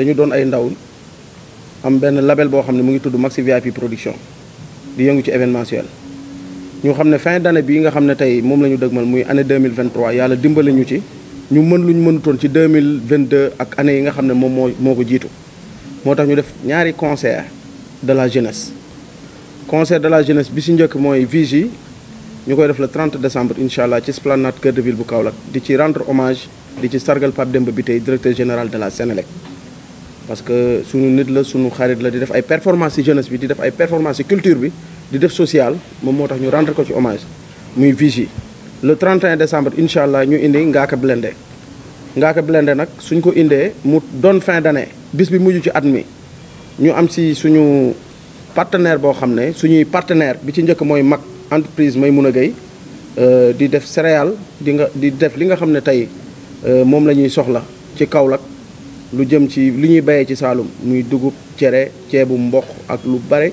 dañu doon ay ndaw am benn label boo xam ne mu ngi tudd Maxi VIP production di yëngu ci événementiel ñu xam ne fin d'année bii nga xam ne tey moom la ñu dëgmal muy année 2023 yàlla dimbali ñu ci ñu mën lu ñu mënutoon ci 2022 ak année yi nga xam ne moom moo moo ko jiitu moo tax ñu def ñaari conseil de la jeunesse concert de la jeunesse bi si njëkk mooy Vigie ñu koy def le 30 décembre incha allah ci esplanade Cœur de Ville bu Kaolack di ci rendre hommage di ci sargal Pape Demba Bitèye directeur général de la Sénélec parce que suñu nit la suñu xarit la di def ay performance ci jeunesse bi di def ay performance ci culture bi di def social mom motax ñu rendre ko ci hommage muy Vigie le 31 décembre inshallah ñu indi ngaka Blindé ngaka Blindé nak suñ ko indé mu don fin d'année bis bi mujj ci at mi ñu am ci suñu partenaire bo xamné ne suñuy partenaire bi ci ñëk moy mak entreprise gay euh di def céréales di nga di def li nga xamné tay euh mom lañuy soxla ci Kaolack lu jëm ci li ñuy bayee ci Saalum muy dugub cere ceebu mboq ak lu bare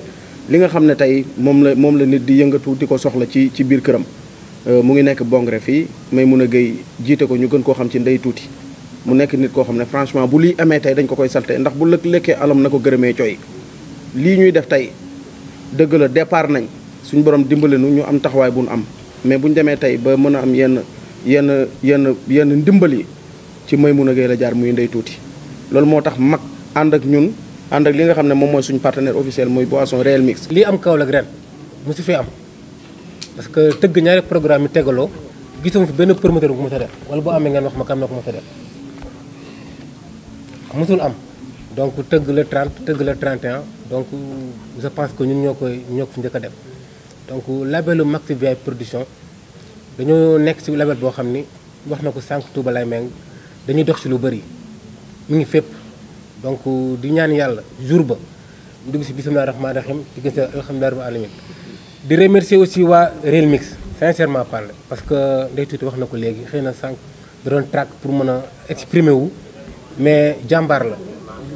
li nga xam ne tey moom la moom la nit di yëngatu di ko soxla ci ci biir këram euh, mu ngi nekk Bongré fii mun a Gueye jiite ko ñu gën koo xam ci ndey tuuti mu nekk nit koo xam ne franchement bu liy amee tey dañ ko koy salte ndax bu lëkk lekkee alam na ko gërëmee cooy lii ñuy def tey dëgg la départ nañ suñ borom dimbali nu ñu am taxawaay bu nu am mais bu ñu demee tey ba mën a am yenn yenn yenn yenn ndimbal yi ci Maimouna Gueye la jaar muy ndey tuuti C'est moo tax mag ñun li nga partenaire officiel boisson réel mix. am fi parce que tëgg ñaari programme yi tegaloo gisuma fi promoteur bu mu wala wax ma kam na ko donc le 30 le 31 donc je pense que ñun sommes koy fi donc labelu production label boo xam ni wax Touba lay meng dañuy dox ci mi ngi donc di ñaan yalla jour ba mu dugg si bisimilah rahmaani rahim di gis alhamdulilah rabbil alamin di remercier aussi wa Real Mix sincèrement parlé parce que Ndeye Tuuti wax na ko léegi xëy na track pour mën exprimer wu mais jambar la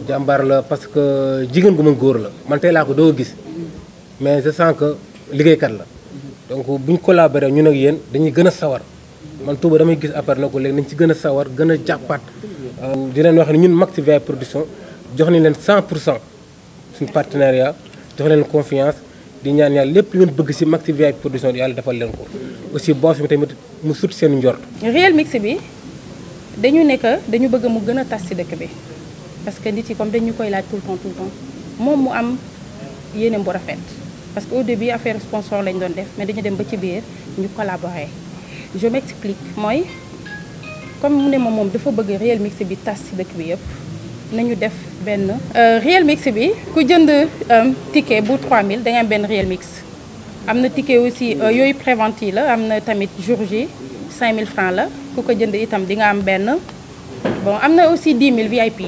jambar la parce que jigen gu mën góor la man tay la ko do gis mais je sens que kat la donc buñ collaborer ñun ak yéen dañuy gëna sawar man Touba damay gis après nako ko léegi nañ ci gëna sawar gëna a di wax ni ñun Maxi VA production jox nañ leen 100 pour suñu partenariat jox leen confiance di ñaan yàlla lépp lu ngeen bëgg si Maxi VA production yàlla defal leen ko aussi boss bi tamit mu sut seen njort. réel mix bi dañu nekk dañu bëgg mu gën a tas si dëkk bi parce que nit yi comme dañu koy laaj tout le temps tout le temps moom mu am yéeneem bu rafet parce que au début affaire sponsor lañ doon def mais dañu dem ba ci biir ñu collaborer je m'explique mooy comme mu ne ma moom dafa bëgg Real Mix bi tas ci dëkk bi yëpp nañu def benn euh, Real Mix bi ku jënd euh, ticket bu 3000 da nga ben benn Real Mix amna ticket aussi euh, yoy prévente la amna tamit jour J 5000 francs la ku ko jënd itam di nga am ben bon amna aussi 10 000 VIP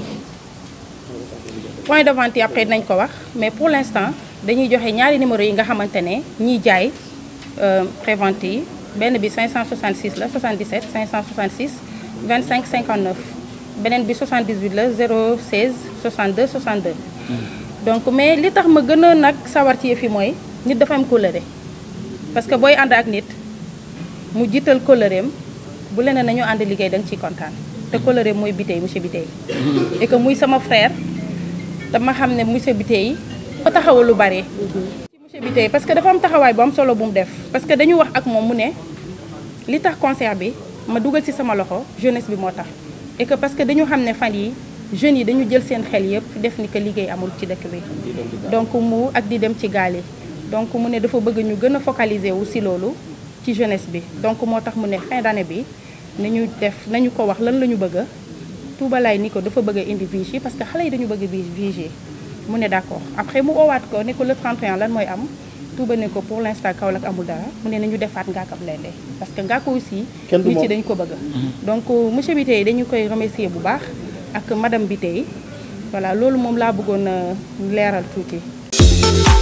point de vente après nañ ko wax mais pour l'instant dañuy joxe ñaari numéro yi nga xamantene ñi ñiy jaay prévente yi bi 566 la 77 566 25 59 benen bi 78 la 0 62 62. donc mais li tax ma gëna nak nag sawar ci yëf yi nit dafa am coloré parce que boy and ak nit mu jiital kóllëreem bu leneen nañu and ligay dang ci ciy te coloré moy bité monsieur bité et que muy sama frère da ma xamné monsieur bité ba taxaw lu bari. ci monsieur bité parce que dafa am taxaway bu am solo bu mu def parce que dañu wax ak mom mu né li tax concert bi ma dougal ci sama loxo jeunesse bi moo et que parce que dañu xam ne fan yi jeunes yi dañu jël seen xel yëpp def ni amul ci dëkk bi donc mu ak di dem ci gaal donc mu ne dafa focaliser wu jeunesse bi donc nous mu ne fin d'année bi nañu def nañu ko wax lan la Nous bëgg dafa bëgg indi parce que dañu d'accord après mu oowaat ko ne ko le 31 lan Touba ne ko pour l' kaw Kaolack amul dara mu ne nañu defaat Ngaaka Blindé parce que Ngaaka aussi nit yi dañu ko bëgg mhm. donc euh, monsieur bi tey dañu koy remercier bu baax ak madam bi tey voilà loolu moom laa bëggoon euh, leeral tuuti